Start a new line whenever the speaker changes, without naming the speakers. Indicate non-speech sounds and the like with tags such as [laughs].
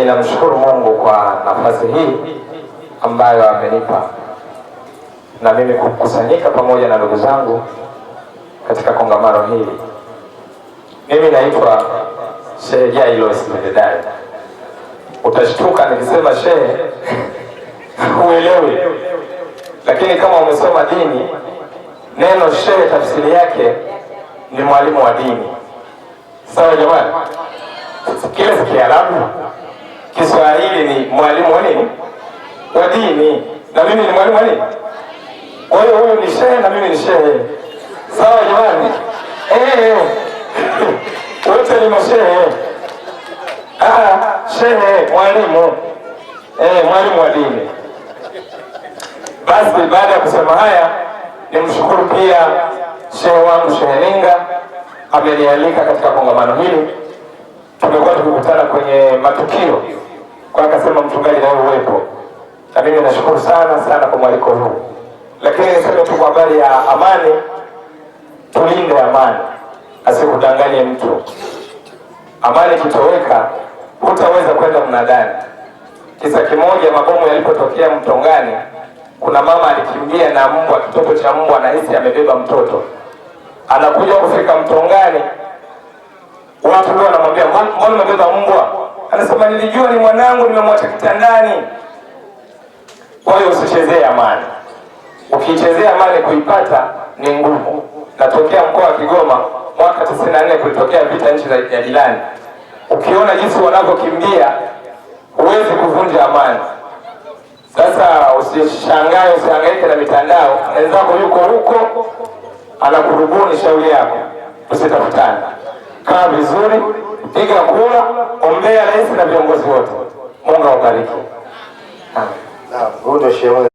ninamshukuru Mungu kwa nafasi hii ambayo amenipa na mimi kukusanyika pamoja na ndugu zangu katika kongamano hili. Mimi naitwa Shehe Jailos Mdedai. Utashtuka nikisema shehe huelewi, lakini kama umesoma dini, neno shehe tafsiri yake ni mwalimu wa dini. Sawa jamani, kile si Kiarabu Kiswahili ni mwalimu wa nini? Wa dini. Na mimi ni mwalimu wa nini? Kwa hiyo huyu ni shehe na mimi ni shehe. Sawa jamani? Eh. eh. [laughs] Wote ni mashehe. Ah, ah, shehe mwalimu. Eh, mwalimu wa dini. Basi baada ya kusema haya, nimshukuru pia shehe wangu Shehe Linga amenialika katika kongamano hili. Tumekuwa tukikutana kwenye matukio kasema mchungaji nayo uwepo, na mimi nashukuru sana sana kwa mwaliko huu, lakini niseme tu kwa habari ya amani, tulinde amani, asikudanganye mtu. Amani ikitoweka, hutaweza kwenda mnadani. Kisa kimoja, mabomu yalipotokea Mtongani, kuna mama alikimbia na mbwa, kitoto cha mbwa, anahisi amebeba mtoto, anakuja kufika Mtongani, watu ndio wanamwambia mbona umebeba mbwa anasema nilijua ni mwanangu, nimemwacha kitandani. Kwa hiyo usichezee amani. Ukiichezea amani kuipata ni ngumu. Natokea mkoa wa Kigoma, mwaka 94 kulitokea vita nchi ya jirani. Ukiona jinsi wanavyokimbia, huwezi kuvunja amani. Sasa usishangae, usihangaike na mitandao. Wenzako yuko huko anakurubuni shauri yako, usitafutane, kaa vizuri piga kura, ombea rais na viongozi wote. Mungu awabariki.